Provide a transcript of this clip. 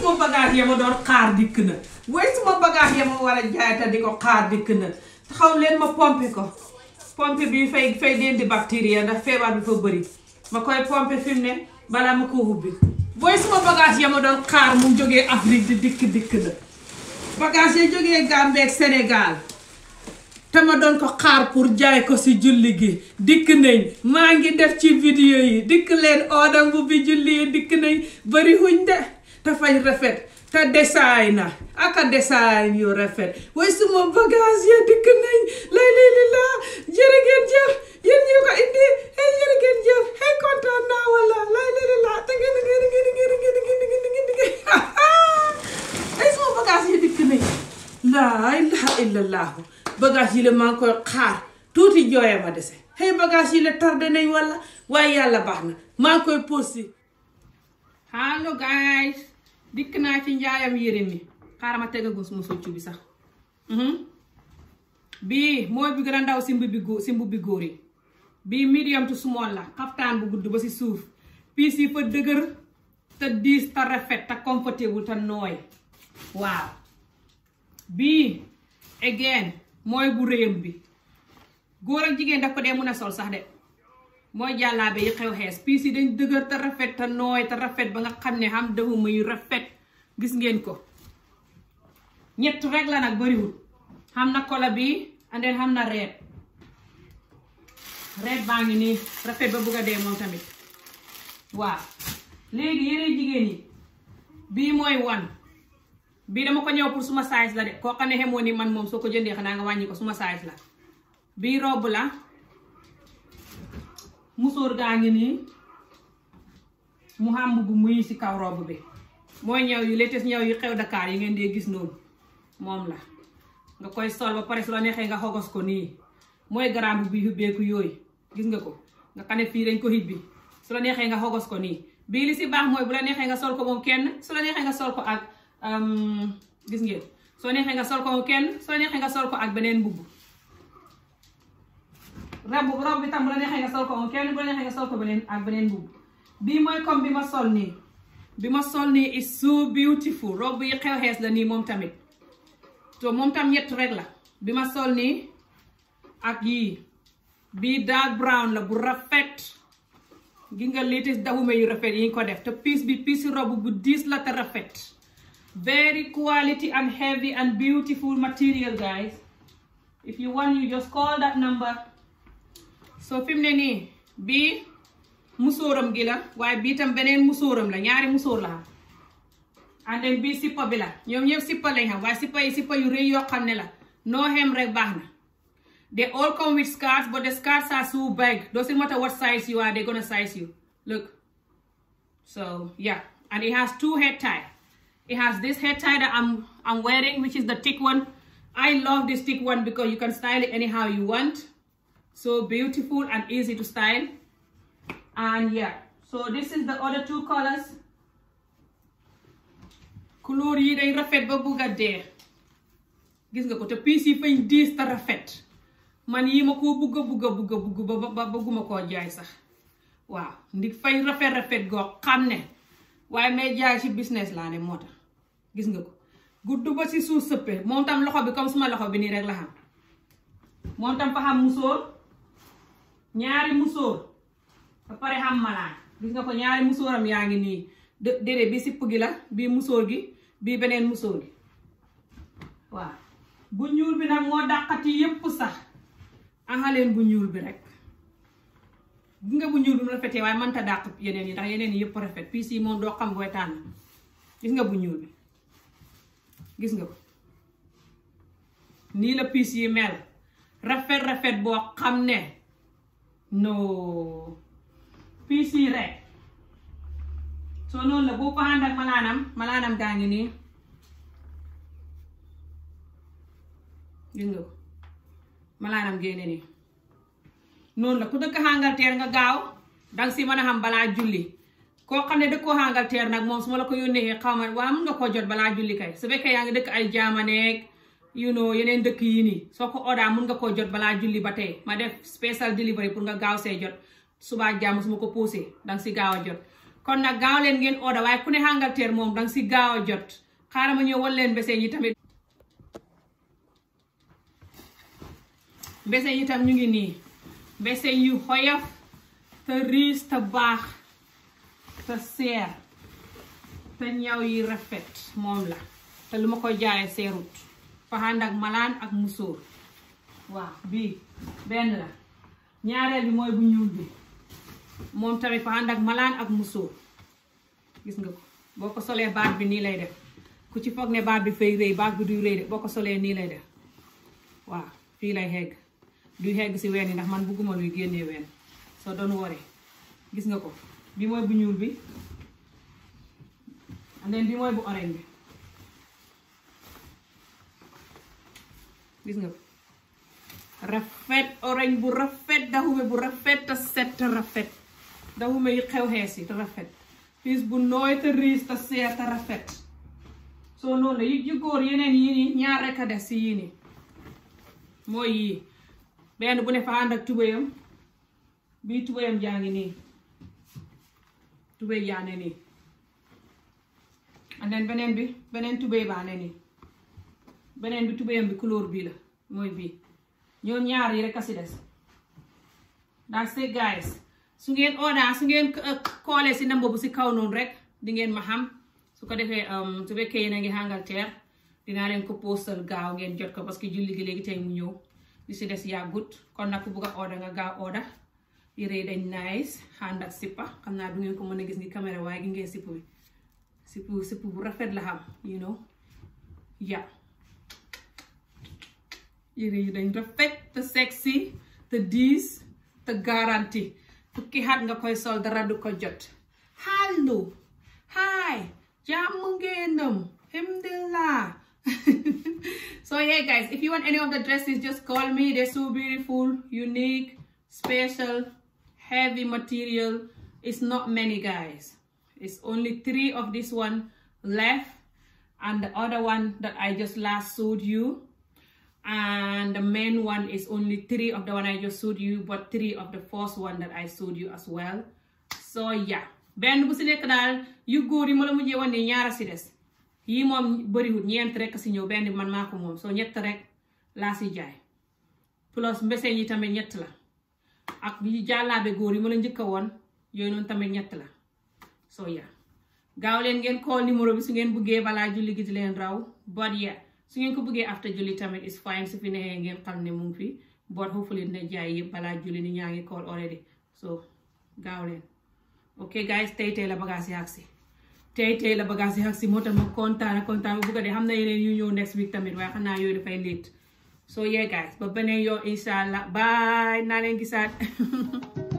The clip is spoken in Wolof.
suma bagage ya doon xaar dikk na way suma bagage ya war a jaay te di ko xaar dikk na taxaw leen ma pompe ko pompe bi fay fay dindi bactérie ndax feebar bi fa bëri ma koy pompe fi mu ne balaa ma ko ubbi booy suma bagage ya doon xaar mu jógee Afrique di dikk dikk na bagage ya jógee Gambie Sénégal te ma doon ko xaar pour jaay ko si julli gi dikk nañ maa ngi def ci vidéo yi dikk leen oodam bi julli yi dikk nañ bëri huñ de te rafet te desaay na aka desaay yu rafet way suma bagage ya dikk nañ lay laa jërë ngeen yi la maa koy xaar tuuti jooya ma dese hey bagage yi la tardé nañ wala waaye yàlla baax na maa koy posi hello guys dikk naa ci njaayam yére mi xaaral ma tegagu suma soccu bi sax mhm. bii mooy bi gën a ndaw si mbubbi góor si mbubbi góor yi bii medium to small la xaftaan bu gudd ba si suuf piis yi fa dëgër te diis te rafet te comfortable te nooy waaw bii again mooy bu réyam bi góor ak jigéen daf ko dee mën a sol sax de mooy jàllaabe yi xew xees piis yi dañ dëgër te rafet te nooy te rafet ba nga xam ne xam dëxuma yu rafet gis ngeen ko ñett rek la nag bariwul xam na kola bi andeen xam na reet reet baa ngi nii rafet ba bugg a dee moom tamit waaw léegi yére jigéen yi bii mooy wan bii dama ko ñëw pour suma size la de koo xam ne xemoo ni man moom soo ko jëndee xanaa nga wàññi ko suma size la bii robb la musóor gaa ngi nii mu hàmb bu muy ci kaw robb bi mooy ñëw yi latest ñëw yu xew Dakar yi ngeen dee gis noonu moom la nga koy sol ba pare su la neexee nga xogos ko nii mooy garaam bi hubbeeku yooyu gis nga ko nga xam ne fii ko hibbi su neexee nga xogos ko nii bii li si baax mooy bu la neexee nga sol ko moom kenn su la neexee nga sol ko ak gis ngeen soo neexee nga sol ko moom kenn su la neexee nga sol ko ak beneen mbubb rab rob bi tam bu la neexee nga sol ko kenn bu la neexee nga sol ko beneen ak beneen mooy comme bi ma sol nii bi ma sol nii is so beautiful rob yi xew xees la nii moom tamit to moom tam ñett rek la bi ma sol nii ak yii bii dark brown la bu rafet gi nga liitis dawume yu rafet yi nga ko def te piis bi piisi rob bu diis la te rafet very quality and heavy and beautiful material guys if you want you just call that number so fi ne nii bi musóoram gi la waaye bi tam beneen musóoram la ñaari musóor la xam anden bii sippa bi la ñoom ñëpp sippa lañ xam waaye sippa yi sippa yu rëy yoo xam ne la no hem rek baax na they all come with skirts but the skirts are so big doesn't matter what size you are they're gonna size you look so yeah and it has two head tie it has this head tie that I'm wearing which is the thick one I love this thick one because you can style it so beautiful and easy to style and yeah so this is the other two colors couleur yi day rafet ba bugg a dee gis nga ko te piis yi fañ diis te rafet man yi ma koo bugg a bugg bugg ba bëgguma koo jaay sax waaw ndi fañ rafet rafet goo xam ne waaye may jaay ci business laa ne moo tax gis nga ko gudd ba si suuf sëppe moom tam loxo bi comme suma loxo bi nii rek la xam moom tam fa xam musóor ñaari musóor ba pare xam malaan gis nga ko ñaari musóoram yaa ngi nii déedéet bi sipp gi la bi musóor gi bi beneen musóor gi waaw bu ñuul bi nag moo dàqati yépp sax angaleen bu ñuul bi rek nga bu ñuul bi mu rafetee waaye mënta dàq yeneen yi ndax yeneen yi yépp rafet piis yi moom doo xam booy tànn gis nga bu ñuul bi gis nga ko nii la piis yi mel rafet rafet boo xam ne no piis yi rek soo loolu la boo ko ànd ak malaanam malaanam gaa ngi nii gis nga ko malaanam génne la ku dëkk Angleterre nga gaaw danga si mën a xam balaa julli koo xam ne dëkkoo Angleterre nag moom su ma la ko yónnee xaw ma waa mun nga koo jot balaa julli kay su fekkee yaa ngi dëkk ay jaamaneeg you know yeneen dëkk yii nii soo ko oda mun nga koo jot balaa julli ba tey ma def special delivery pour nga gaaw see jot subaa jàmm su ma ko posé danga si gaaw a jot kon nag gaaw leen ngeen oda waaye ku moom danga si gaaw a jot xaaral ma ñëw wal leen besee yi tamit besee yi tam ñu ngi nii besee yu xoyof te riis te baax te seer te ñaw yi rafet moom la te lu ma ko jaayee seerut faxand malaan ak musóor waaw bii benn la ñaareel bi mooy bu ñuul bi moom tamit faxand malaan ak musóor gis nga ko boo ko solee baat bi nii lay def ku ci foog ne baat bi fay rëy baat bi duy rëy de boo ko solee nii lay de waaw fii lay xegg duy xegg si ween yi ndax man bugguma luy génnee ween soo doon wari gis nga ko bi mooy bu ñuul bi and then mooy bu orange bi gis nga ko rafet orange bu rafet daxume bu rafet te set te rafet daxume yi xew xees yi te rafet piis bu nooy te riis te seer te rafet soo noonu la yu góor yeneen yii ñaar rekk a des si yii mooy yii benn bu ne fa ànd ak tubéyam bii tubéyam jaa ngi nii tubéy jaa ne nii and then beneen bi beneen tubéy baa ne nii beneen bi tubéyam bi couleur bii la mooy bii ñoom ñaar yi rek a si des that's it guys su ngeen order su ngeen uh, koolee si number bu si kaw noonu rek di ngeen xam su ko defee um, su fekkee yéen a ngi Angleterre dinaa leen ko postal gaaw ngeen jot ko parce que julli gi léegi tey mu ñëw li si des yàggut kon nag ku bugg a nga gaaw order yére yi dañ nice ànd ak sippa xam naa du ngeen ko mën a gis ni caméra waaye gi ngeen sipp bi sipp sipp bu rafet la xam you know ya yére yi dañ rafet te sexy te diis te garanti fukki nga koy sol dara du ko jot hallo hi jàmm ngeenam alhamdulillah so yeah guys if you want any of the dresses just call me they're so beautiful unique special heavy material it's not many guys it's only three of this one left and the other one that I just last showed you and the main one is only three of the one I you but three as well so yeah benn bu si nekk daal yu góor yi ma la mujjee woon ne ñaara si des yii moom bëriwul ñeent rek a si ñëw benn man maa ko moom soo ñett rek laa si jaay plus mbeseñ yi tamit ñett la ak yi jàllaabe góor yi ma la njëkk woon yooyu noonu tamit ñett la soo yeah gaaw leen ngeen call numéro bi su ngeen buggee balaa julli gi di leen raw su ngeen ko bëggee after julli tamit is fine su fi neexee ngeen xam ne mu ngi fi but hopefully dina jaay yëpp balaa julli ni ñaa ngi call already so gaaw leen ok guys tey tey la bagaas yi ak si tey tey la bagaas yi ak si moo tax ma kontaan kontaan bu bëgg de xam na yeneen yu ñëw next week tamit waaye xanaa yooyu dafay late so yeah guys ba beneen yoon incha allah naa leen gisaat